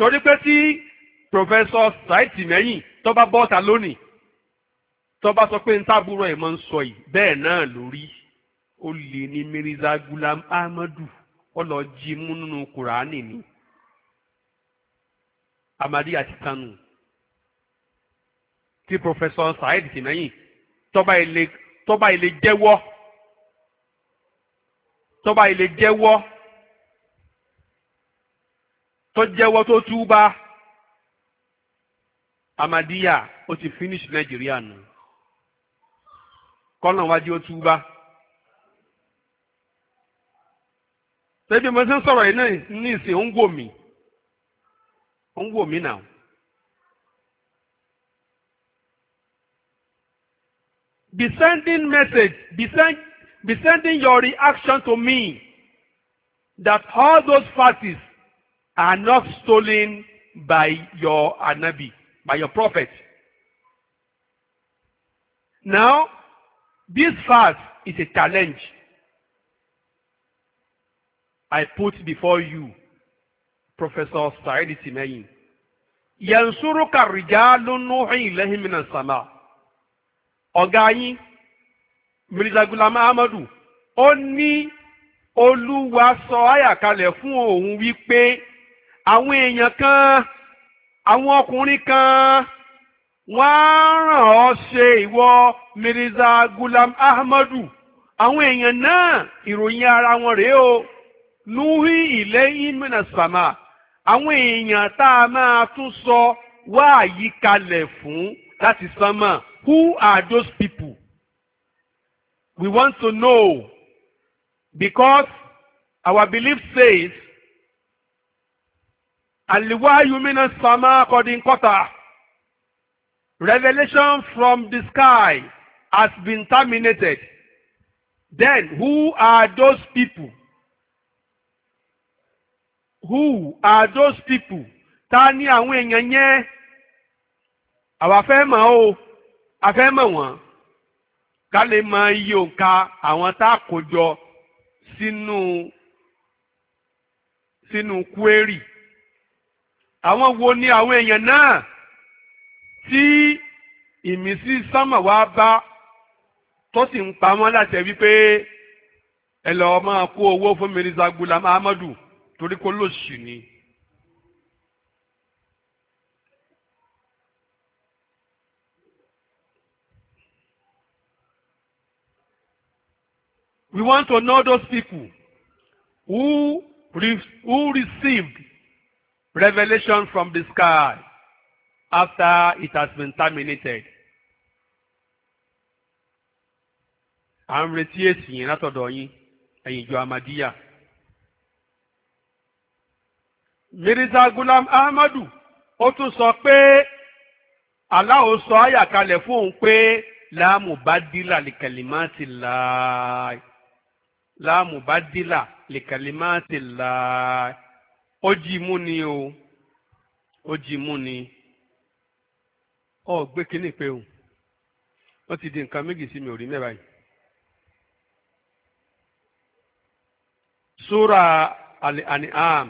torí pé tí professor saiti mẹ́yìn tó bá bọ́ta lónìí tó bá sọ pé ń tábúrò ẹ̀ máa ń sọ yìí bẹ́ẹ̀ náà lórí ó lè ní mirza gulam ahmadu ọlọ́jì mú kùránì ni amadi àti kanu tí professor saidi tìmẹ́yìn tọ́ba ilé tọ́ba ilé jẹ́wọ́ tọ́ba ilé jẹ́wọ́ tó jẹ́wọ́ tó túbá amadiya ó ti finish nàìjíríà nù kọ́nà wájú ó túbá. ṣebí mo ṣe ń sọ̀rọ̀ yìí náà ní ìsìn ń wò mí ń wò mí náà. Be sending message, be, send, be sending your reaction to me that all those parties are not stolen by your anabi, by your prophet. Now, this fast is a challenge I put before you, Professor Said Simeyin. ينصرك الرجال نوحي إليه من السماء ọ̀gá yín Mirza Ghulam Ahmadu ó ní olúwa sọ àyàkálẹ̀ fún òun wípé àwọn èèyàn kan àwọn ọkùnrin kan wọ́n á ràn ọ́ ṣe ìwọ Mirza Gulam Ahmadu àwọn èèyàn náà ìròyìn ara wọn rèé o nuhi ìlẹ́yìn mìnàsàmà àwọn èèyàn tá a máa tún sọ wá àyíkalẹ̀ fún láti sánmà who are those people we want to know because our belief says aliwayu mina sama according kọta revelation from the sky has been terminated then who are those people who are those people Tani ni àwọn èèyàn yẹn àwa fẹ́ mọ̀ o a fẹ́ mọ̀ wọ́n ká lè mọ iye òǹkà àwọn tá a kó jọ sínú sínú kúérì àwọn wo ni àwọn èèyàn náà tí ìmísí sámà wá bá tó sì ń pa wọ́n láṣẹ wípé ẹ lọ́ọ́ máa kó owó fún Mirza Ghulam Ahmadu torí kó lòṣì ni. We want to know those people who, who received Revelation from the sky after it has been terminated. À ń retí èsì yẹn látọ̀dọ̀ yín ẹ̀yin ìjọ Amadiya. Mirza Gulam Ahmadu ó tún sọ pé Allah ó sọ àyàkálẹ̀ fún òun pé láàmù bá dílà lìkàlímáàtì láàyè láàmù bá dílà lìkàlímáàtì láàyè ó jí mú ni o ó jí mú ni ọ gbé kínní pé o wọ́n ti di nǹkan méjì sí mi ò rí mẹ́ba yìí. Sura Al-An'am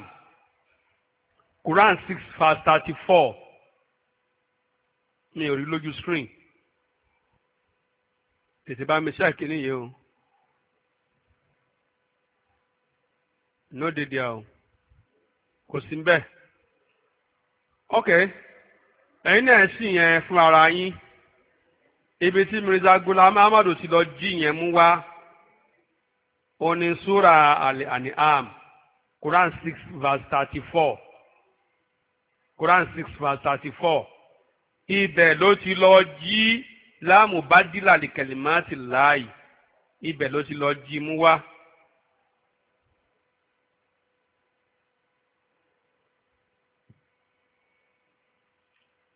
Quran six verse thirty four mi ò rí lójú screen tètè bá mi ṣáà kínní yìí o. No dey there o kò sí ń bẹ̀. ok ẹ̀yin náà sì yẹn fún ara yín ibi tí Mirza Ghulam Ahmadu ti lọ jí yẹn mú wá oní súra Al-An'am Quran six verse thirty-four Quran six verse thirty-four ibẹ̀ ló ti lọ jí láàmú bá dílà lìkẹ̀lìmọ́ ti láàyè ibẹ̀ ló ti lọ jí mú wá.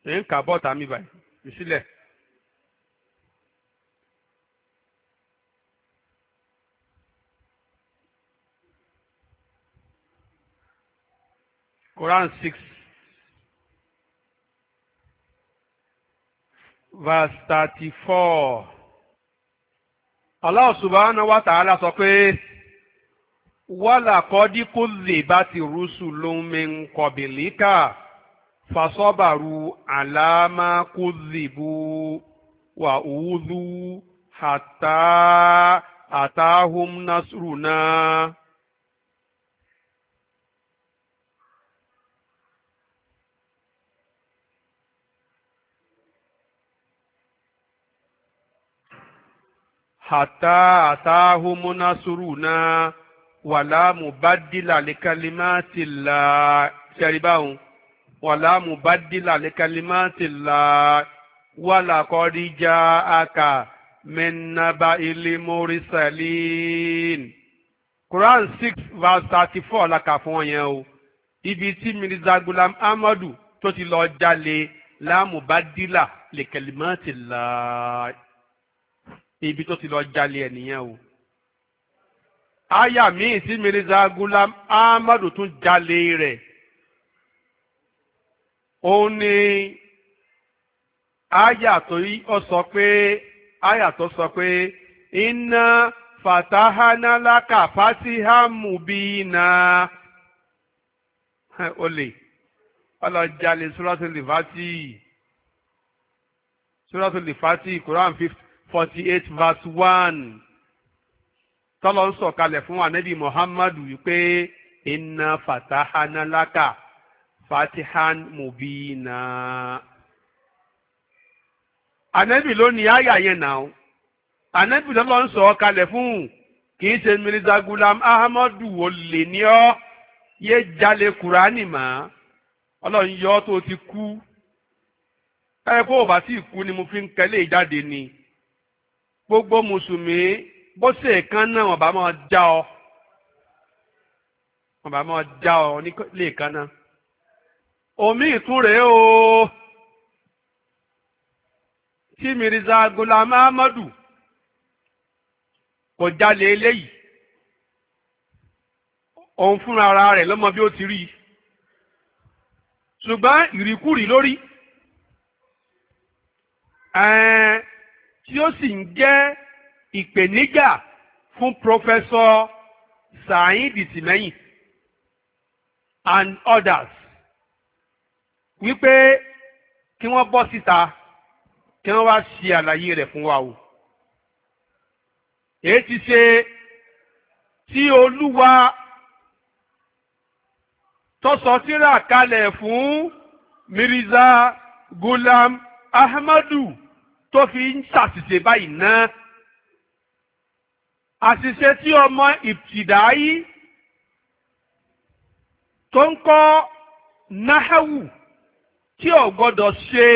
ń kà bọ́ọ̀tà mi báyìí ìsílẹ̀. Quran 6 verse 34 Allah subhanahu wa ta'ala sọ pé wala qad kuzzibat rusulun min qablika fasobaru alama kuzibu wa udhu hatta atahum nasruna. hatta atahum nasruna wala mubaddila likalimati la ṣe wàlá mùbádìlà lẹ́kàlímàtì là wàlà kọ́díjà àkà mẹ́nàbà ilé mọ́rísàlín. Quran six verse thirty four la kà fún ọ yẹn o ibi tí Mirza Gulam Amadu tó ti lọ jalè lámùbádìlà lẹ́kàlímàtì là ibi tó ti lọ jalè ẹ̀ nìyẹn o aya míì tí Mirza Gulam Amadu tún jalè rẹ̀. òun ni àyà tó sọ pé àyà sọ pé iná fàtàhánálàkà fàtíhàmùbínà olè ọlọ́jàlè sọ́lọ́tò lìfàtì sọ́lọ́tò lìfàtì Quran forty eight verse one tọ́lọ́ ń sọ̀kalẹ̀ fún anabi Muhammadu wípé iná fàtàhánálàkà. fatihan mubina ànábì ló ní àyà yẹn náà ànábì ló lọ ń sọ ọ́ kalẹ̀ fún kì í ṣe mirza gulam ahmadu olè ní ọ́ yé jalè kúránì mọ́ ọlọ́run yọ ọ́ tó ti kú ẹ kó o bá sì kú ni mo fi ń kẹ́lé ìjáde ni gbogbo mùsùlùmí bó ṣe kan náà wọn bá máa já ọ wọn bá máa já ọ ní lè kan náà omi ìtúrẹ́ o tí Mirza Gulam Ahmadu kò jalè eléyìí òun fúnra ara rẹ̀ lọ́mọ bí ó ti rí i ṣùgbọ́n ìrìkúrì lórí tí ó sì ń jẹ́ ìpèníjà fún Professor Saheed Simeyin and others wípé kí wọ́n bọ́ síta kí wọ́n wá ṣe àlàyé rẹ̀ fún wa o èyí ti ṣe tí olúwa tọ́sọ tírà kalẹ̀ fún Mirza Gulam Ahmadu tó fi ń ṣàṣìṣe báyìí náà àṣìṣe tí ọmọ ìbtìdáyí tó ń kọ́ náhàwù tí ò gbọ́dọ̀ ṣe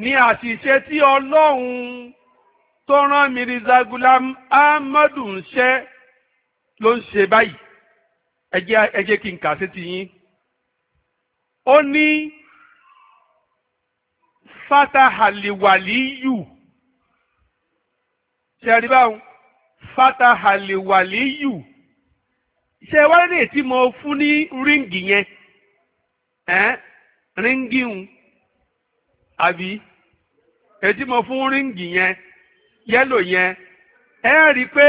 ni àṣìṣe tí ọlọ́run tó rán Mirza Gulam Ahmadu ń ṣe ló ń ṣe báyìí ẹ jẹ́ kí n kà sí ti yín ó ní fatahaliwaliyu ṣe rí báwọn fatahaliwaliyu ṣe wá lè tí mo fún ní ríǹgì yẹn ríngìhun abi eti mo fún ríngì yẹn yẹ́lò yẹn ẹ pe i pé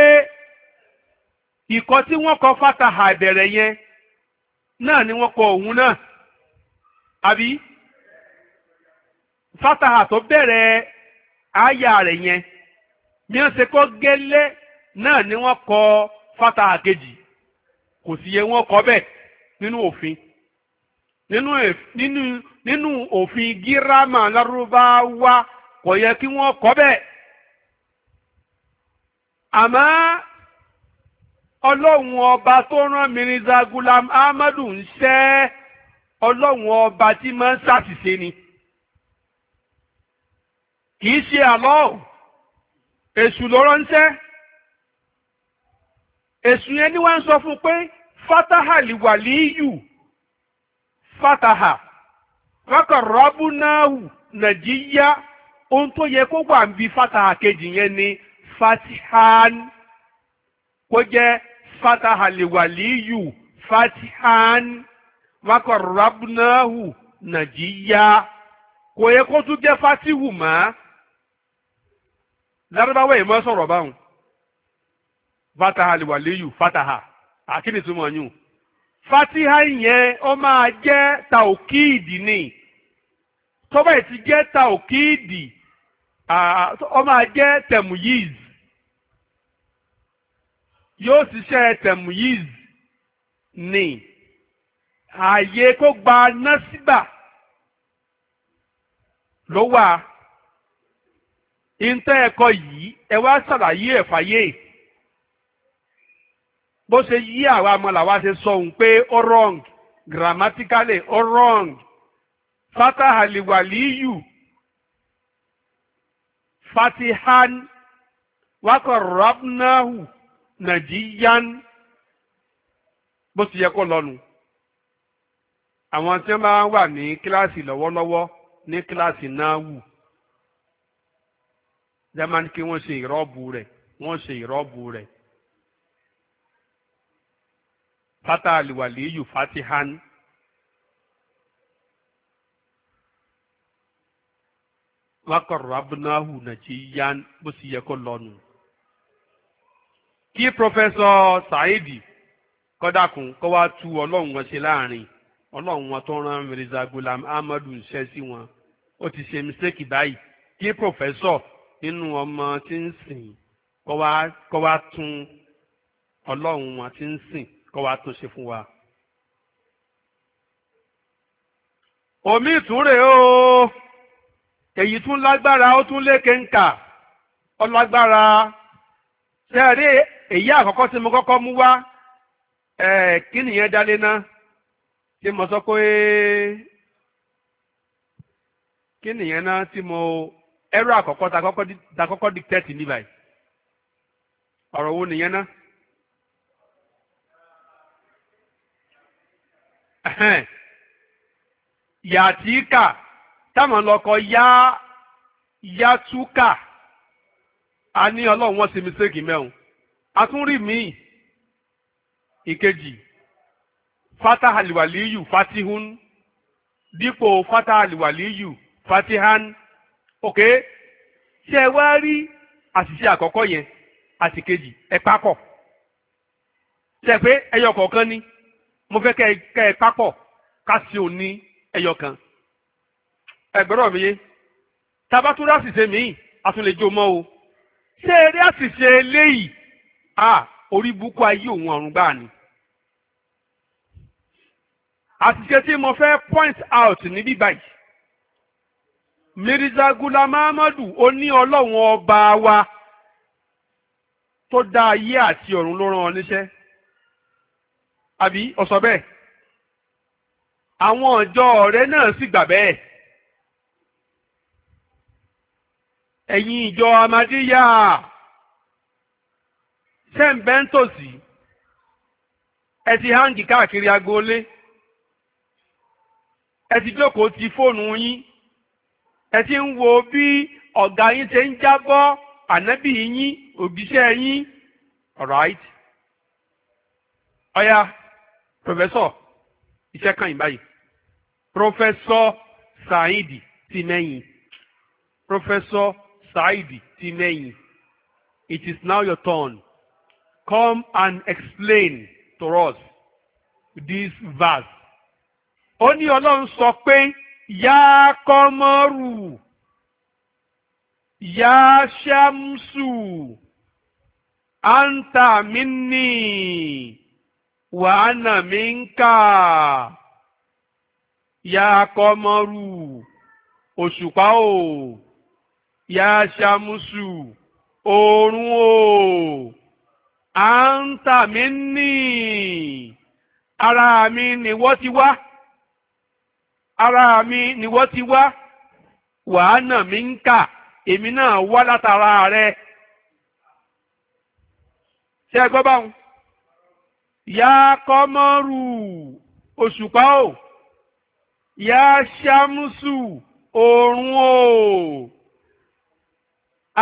ìkọ́ fataha ìbẹ̀rẹ̀ yẹn naa ni wọ́n kọ òun náà abi fataha tó bẹ̀rẹ̀ àyà yẹn bí wọ́n ṣe ni wọ́n kọ fataha kejì ko siye yẹ wọ́n kọ bẹ́ẹ̀ nínú òfin. nínú nínú nínú òfin gírámà lárúbáwá kò yẹ kí wọ́n kọ́ bẹ́ẹ̀ àmọ́ ọlọ́run ọba tó rán Mirza Gulam Ahmadu ń ṣẹ́ ọlọ́run ọba tí máa ń ṣàṣìṣe ni kì í ṣe àlọ́ èṣù ló ránṣẹ́ èṣù yẹn ni wọ́n sọ fún pé fatahali wàlíyù. fataha fakarabunahu najiya ohun tó yẹ kó wà ń bi fataha kejì yẹn ni fatihan kó jẹ fataha liwaliyu fatihan fakarabunahu najiya kò yẹ kó tún jẹ fatihu mọ́ lárúbáwá yìí mọ́ sọ̀rọ̀ báwọn fataha liwaliyu fataha àkínní túmọ̀ yún. fatiha yẹn ó máa jẹ́ taokíìdì ni tó bá ti jẹ́ taokíìdì ó máa jẹ́ tẹ̀mùyíz yóò ṣiṣẹ́ tẹ̀mùyíz ni ààyè kó gba násìbà ló wà ìntẹ́ ẹ̀kọ́ yìí ẹ wá ṣàlàyé ẹ̀fàyè. E bó ṣe yí àwa ọmọ làwa ṣe sọ òun pé ó wrong grammatically ó wrong fatah aliwaliyu fatihan wakorabnahu najiyan bó ti yẹ kó lọ́nu àwọn tí wọ́n bá wà ní kíláàsì lọ́wọ́lọ́wọ́ ní kíláàsì náà wù jẹ́ máa ń kí wọ́n ṣe ìrọ́bù rẹ̀ wọ́n ṣe ìrọ́bù rẹ̀. fata aliwaliyu fatihan wakọrọ abunahu najiyan bó sì yẹ kó lọnu kí pọfẹsọ saidi kọdàkùn kó wá tu ọlọ́run wọn ṣe láàrin ọlọ́run wọn tó rán mirza gulam ahmadu ṣẹ́ sí wọn ó ti ṣe mistake báyìí kí pọfẹsọ nínú ọmọ tí ń sìn kó wá tún ọlọ́run wọn tí ń sìn kọ́ wa tún ṣe fún wa. omi ìtúre o èyí tún lágbára ó tún lékè ń kà ó lágbára ṣe rí èyí àkọ́kọ́ tí mo kọ́kọ́ mú wá kí nìyẹn dálé náà tí mo sọ pé kí nìyẹn náà tí mo ẹrú àkọ́kọ́ ta kọ́kọ́ dictate ní ọ̀rọ̀ wo nìyẹn náà. yàtíkà táwọn lọkọ yá yátúkà a ní ọlọ́run wọ́n ṣe mistake mẹ́rin a tún rí míì ìkejì fatahaliwaliyu fatihun dípò fatahaliwaliyu fatihan ok ṣe wá rí àṣìṣe àkọ́kọ́ yẹn àti kejì ẹ papọ̀ ṣe pé ẹyọ kọ̀ọ̀kan ni mo fẹ́ kẹ́ ẹ papọ̀ ká sí o ní ẹyọ kan ẹgbẹ́rọ̀ mi yé tabatúrú àṣìṣe míì a tún lè jó mọ́ o ṣé eré àṣìṣe eléyìí a orí búkú ayé òun ọ̀run gbáà ni àṣìṣe tí mo fẹ́ point out níbí báyìí mirza gulam ahmadu oní ọlọ́run ọba wa tó dá ayé àti ọ̀run ló rán ọ níṣẹ́ àbí ọ̀sọ̀ bẹ́ẹ̀ àwọn ọjọ́ ọ̀rẹ́ náà sì gbà bẹ́ẹ̀ ẹ̀yin ìjọ amadíyà sẹ́ǹbẹ́ńtòsí ẹ ti háǹgì káàkiri agboolé ẹ ti jókòó ti fóònù yín ẹ ti ń wo bí ọ̀gá yín ṣe ń jábọ́ ànábì yín òbíṣẹ́ yín alright ọ̀ya. Oh, pòfẹ́sọ̀ iṣẹ́ kan yìí báyìí pòfẹ́sọ̀ Saidi Tinẹyin pòfẹ́sọ̀ Saidi Tinẹyin it is now your turn come and explain to us this verse. ó ní ọlọ́run sọ pé yá kọ́mọ́rù yá ṣámsù anta minni. وأنا منك يا قمر òṣùpá o yà ṣàmùsù oòrùn o à ń tà mí nì ara mi nìwọ́ ti wá ara mi nìwọ́ ti wá wàá nà mí ń kà èmi náà wá látara rẹ ṣé ẹ gbọ́ báwọn yá kọ́mọ́rù òṣùpá o yá ṣámúsù òòrùn o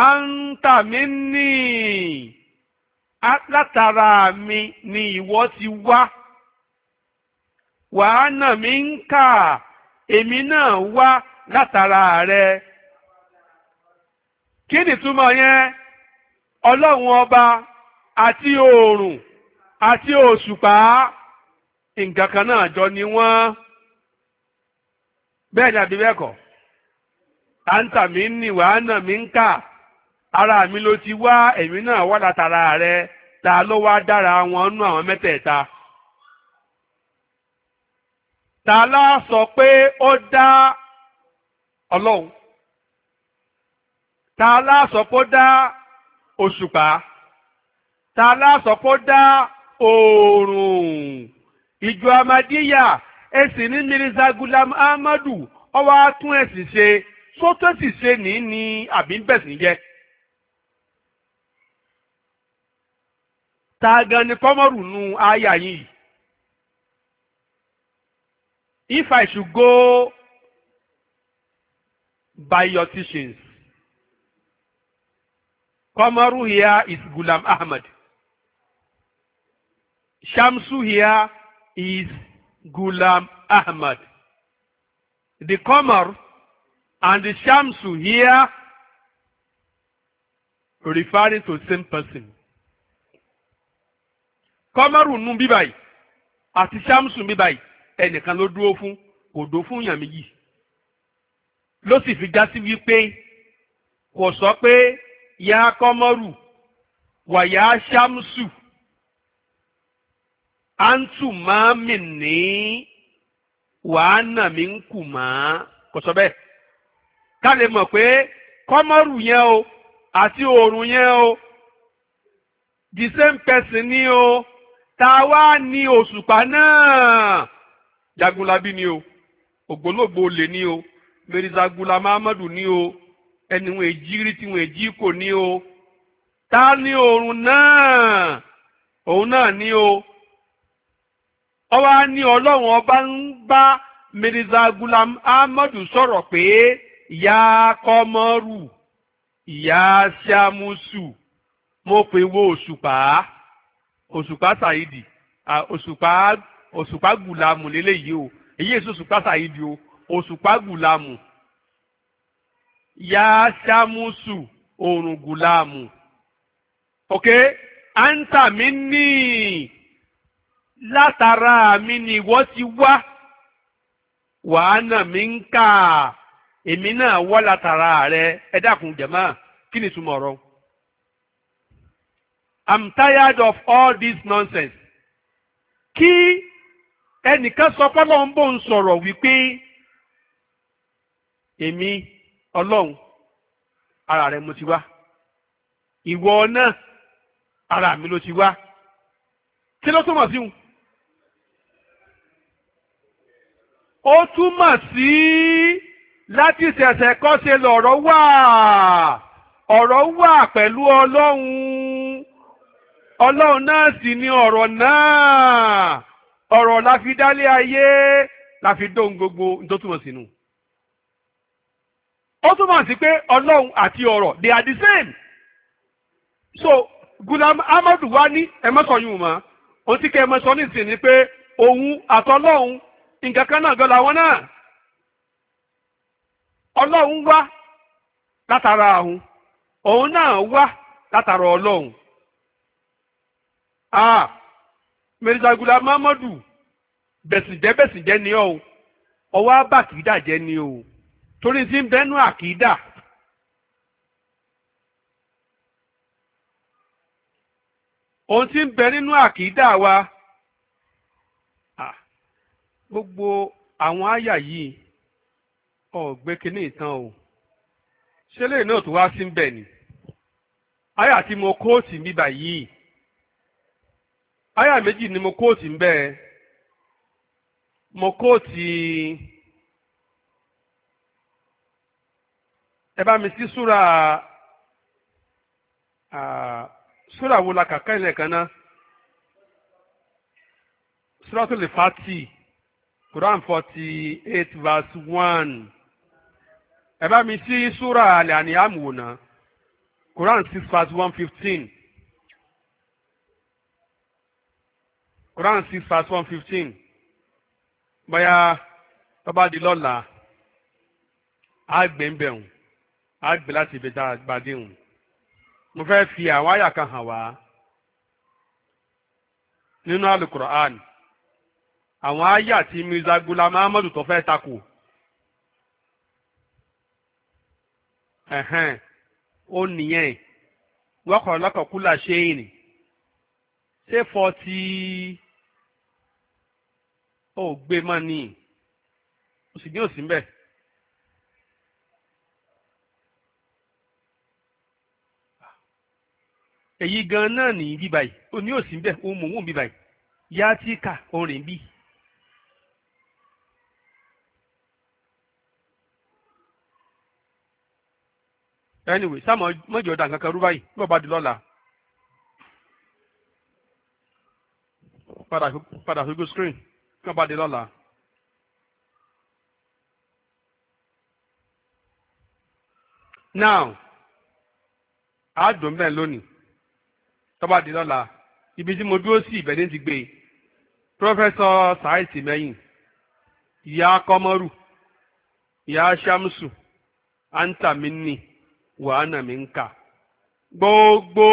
àǹtàmí látara mi ni ìwọ ti wá wàá nà mí ń kà èmi náà wá látara rẹ kí nìtúmọ̀ yẹn ọlọ́run ọba àti oòrùn àti òṣùpá nǹkan kan náà jọ ni wọ́n bẹ́ẹ̀ ni àbí bẹ́ẹ̀ kọ́ àǹtà mi ń nì wàá nà ń kà ara mi ló ti wá èmi náà wá látara rẹ ta ló wá dára wọn nú àwọn mẹ́tẹ̀ẹ̀ta ta lá sọ pé ó dá ọlọ́run ta lá sọ pé ó dá òṣùpá ta lá sọ pé ó dá oòrùn ìjọ amadíyà ẹ̀sìn ní mirza gulam ahmadu atún ẹ̀sìn ṣe sótẹ́sì ṣe ní ní àbí bẹ̀sìn jẹ́. ni kọ́mọ́rù nu aya yìí. If I should go by your teachings, Kọmaru here is Gulam Ahmad. Shamsu here is Gulam Ahmad. The Qamar and the Shamsu here referring to the same person. Qamaru nù bí báyìí àti Shamsu bí báyìí ẹnìkan ló dúró fún kò dó fún yàn méjì. Ló sì fi já wípé kò sọ pé yá Qamaru wà yá Shamsu. antumami ní wàhánà mi ń kù mọ́ kò sọ bẹ́ẹ̀ ká pé yẹn o àti oorun yẹn o the same person ni o ta wá ní òṣùpá náà jagunlabi ni o ògbólógbò olè ni o merizagula mahamadu ni o ẹni wọn èjì rí tí wọn ní o ta ni oorun náà òun náà ni o. ọwọ́ á ní ọlọ́run ọba ń bá mirza gulam ahmadu sọ̀rọ̀ pé ìyá kọ́mọ́rù ìyá siamusu mo pè wo òṣùpá òṣùpá saidi òṣùpá òṣùpá gulamu lélẹ́yìí o èyí èso òṣùpá saidi o òṣùpá gulamu ìyá siamusu òrùn gulamu ok anta mi látara mi ni ìwọ ti wá wàá nà mí ń kà èmi náà wá látara rẹ ẹ dákun jẹ̀mọ́ kí ni ìtumọ̀ ọ̀rọ̀. I'm tired of all this nonsense. kí ẹnìkan sọ pọ́lọ́ ń bò ń sọ̀rọ̀ wípé èmi ọlọ́run ara rẹ mo ti wá ìwọ náà ara mi ló ti wá kí ló túmọ̀ sí wọn. ó túmọ̀ sí láti ṣẹ̀ṣẹ̀ kọ́ ṣe lọ̀rọ̀ wà ọ̀rọ̀ wà pẹ̀lú ọlọ́run ọlọ́run náà sì ni ọ̀rọ̀ náà ọ̀rọ̀ la fi dálé ayé la fi dóhun gbogbo tó túmọ̀ sínú. ó túmọ̀ sí pé ọlọ́run àti ọ̀rọ̀ the same. so Gulam Amadu wa ní ẹ mọ́ ohun tí kẹ́ ẹ nísìnyí nǹkan kan náà gan làwọn náà ọlọ́run wá látara àhún òun náà wá látara ọlọ́run. Ah, mẹ́rìndàgùlà Mamadu bẹ̀sìnjẹ́ bẹ̀sìnjẹ́ ni ọ́ ọwọ́ abá kìídà jẹ́ ni o torí tí ń bẹ́nu àkìídà. ohun ti ń bẹ nínú àkìídà wa. gbogbo àwọn àyà yìí ọ̀gbé kínní ìtàn o ṣé lẹ́yìn náà tó wá sí bẹ̀ ni àyà tí mo kóòtì mi bà yìí àyà méjì ni mo kóòtì ń bẹ́ẹ̀ mo kóòtì ẹ bá mi sí súra súra wo la kàkà ilẹ̀ kan náà súra tó lè fa tíì. Quran forty eight verse one ẹ bá mi sí súrà àlẹ́ àní àmùwònà Quran six verse one fifteen Quran six verse one fifteen bóyá tọ́ba di lọ́la á gbé ń bẹ̀rùn á gbé láti ibi tá a bá dé hùn mo fẹ́ fi àwọn àyà kan hàn wá nínú àlùkùrọ̀ àná àwọn àyà tí Mirza Ghulam Ahmadu tó fẹ́ takò ẹ̀hẹ́n ó nìyẹn wọ́kọ̀ lọ́kọ̀kúlà ṣéyìn ṣé fọ́tí ó gbé mọ́ ni ó sì ní òsì ń bẹ̀. èyí gan náà nìyí bíbáyìí ó ní òsì ń bẹ̀ ó mọ̀ òun bíbáyìí yá tí kà ó rìn bíi. anyway sáàmọ mọjọ da nǹkan kan rú báyìí bí wọn bá di lọ́la padà padà gbogbo screen bí wọn bá di lọ́la. now àádùn bẹ́ẹ̀ lónìí tọ́ba di lọ́la ibi tí mo dúró sí ibẹ̀ ní ti gbé pírọfẹ́sọ Saheed Mehin ìyá Kọ́mọ́rù ìyá Shamsu antamini wàá nà mí ń kà gbogbo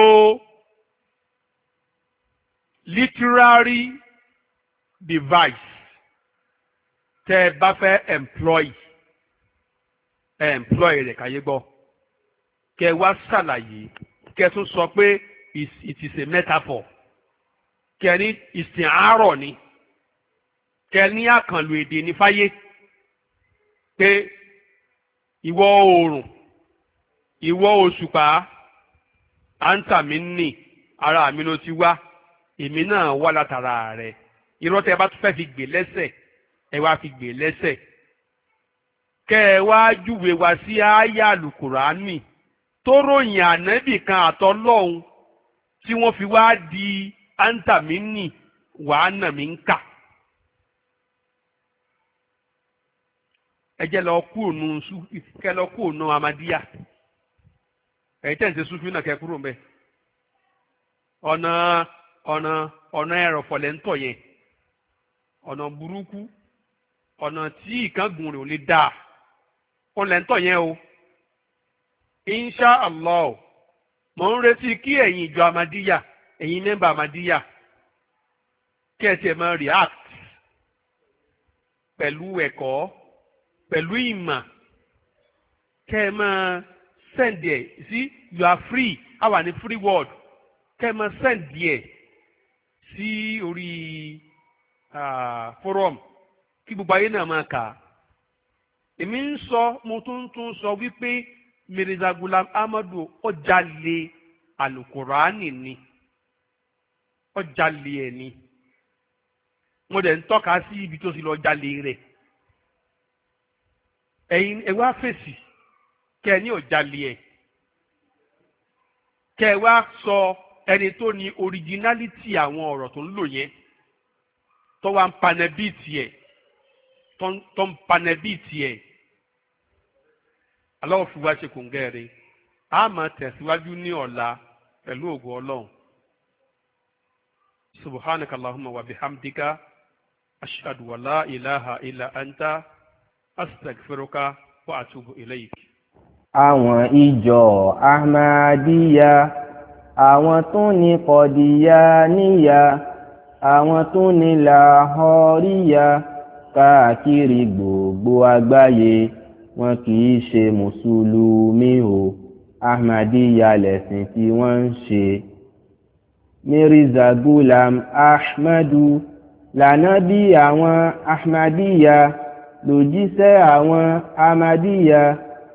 literary device tẹ ẹ bá fẹ́ employ employ rẹ̀ káyé gbọ́ kẹ wá ṣàlàyé kẹ tún sọ pé it is a metaphor kẹ ní ìsìn àárọ̀ ni kẹ ní àkànlò èdè ní fáyé pé ìwọ̀ oòrùn ìwọ òṣùpá àǹtà mi ń nì ara mi ló ti wá èmi náà wá látara rẹ irọ́ tẹ́ bá tún fẹ́ fi gbè lẹ́sẹ̀ ẹ wá fi gbè lẹ́sẹ̀ kẹ́ ẹ wá júwe wá sí àyà lùkùránì tó ròyìn ànábì kan àtọ́lọ́hún tí wọ́n fi wá di àǹtà mi ń nì wàá nà mí ń kà. ẹ jẹ́ lọ kú òun kẹ́ lọ kú òun amadiya. ẹ̀yin tẹ̀ ń náà kẹ́ kúrò ọ̀nà ọ̀nà ọ̀nà ẹ̀rọ̀fọ̀ lẹ́ ń yẹn ọ̀nà burúkú ọ̀nà tí ò lè dáa yẹn o insha allah mo ń retí kí ẹ̀yin ìjọ amadíyà ẹ̀yin mẹ́mbà amadíyà kí ẹ tiẹ̀ máa react pẹ̀lú ẹ̀kọ́ pẹ̀lú ìmọ̀ kẹ́ send there you see you are free I want ní free word. world kẹ́mọ send there sí orí ah, forum kí gbogbo ayé náà máa kà á èmi ń sọ mo tún tún sọ wípé Mirza Ghulam Ahmadu ọjàlè alukurani ni ọjàlè ẹ ni mo dẹ̀ ń tọ́ka sí ibi tó ti lọ jalè rẹ̀ ẹ̀yin ẹ wá fèsì kẹ ní òjàlè ẹ̀ kẹ wá sọ ẹni tó ní originality àwọn ọ̀rọ̀ tó ń lò yẹn tó wá ń panẹ bíi tiẹ̀ tó ń panẹ bíi tiẹ̀ aláwọ̀ fi wá ṣe kò ń gẹ́rẹ́ a máa tẹ̀síwájú ní ọ̀la pẹ̀lú ògùn ọlọ́run subhanaka allahumma wa bihamdika ashhadu wa ilaha illa anta astaghfiruka wa atubu ilayk àwọn ìjọ ahmadiyya àwọn tún ní kọdíyàníyà àwọn tún ní làhọríyà káàkiri gbogbo àgbáyé wọn kì í ṣe mùsùlùmí o ahmadiyya lẹ̀sìn tí wọ́n ń ṣe. mirza gulam ahmadu lànábì àwọn ahmadiyya lòjíṣẹ́ àwọn ahmadiyya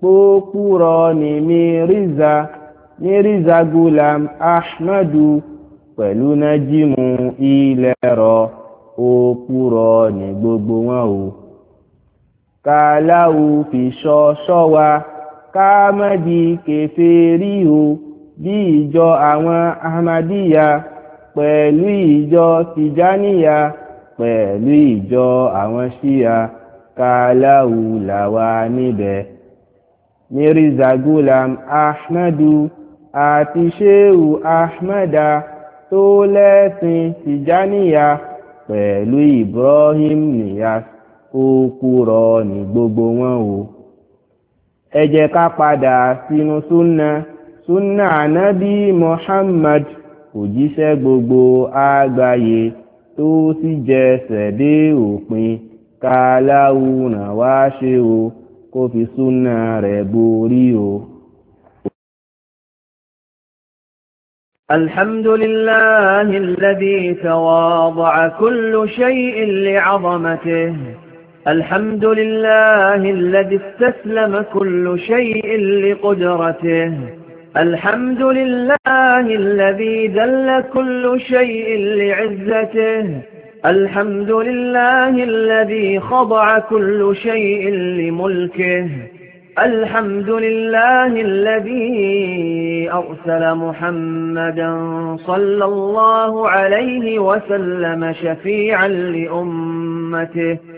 pókúrọ ní mírízà mírízà gulam ahmadu pẹ̀lú nájímù ilẹ̀rọ òkúrọ ní gbogbo wọn o kàláwù fi sọ sọ́wa káàmádì kẹfẹ́rí o bí ìjọ àwọn ahmadiyya pẹ̀lú ìjọ tìjáníyà pẹ̀lú ìjọ Shia, ṣíya kàláwù làwa níbẹ̀ mirza gulam ahmadu àti sheu ahmada tó lẹ́sìn tìjáníyà pẹ̀lú ibrahim niyas òkúrọ ní gbogbo wọn o ẹ jẹ́ ká padà sínú súnà súnà ànábì muhammad òjíṣẹ́ gbogbo àgbáyé tó sì jẹsẹ̀ dé òpin ká láwùrán wá ṣe o. kó fi súnà rẹ̀ borí o. الحمد لله الذي تواضع كل شيء لعظمته الحمد لله الذي استسلم كل شيء لقدرته الحمد لله الذي دل كل شيء لعزته الحمد لله الذي خضع كل شيء لملكه الحمد لله الذي أرسل محمدا صلى الله عليه وسلم شفيعا لأمته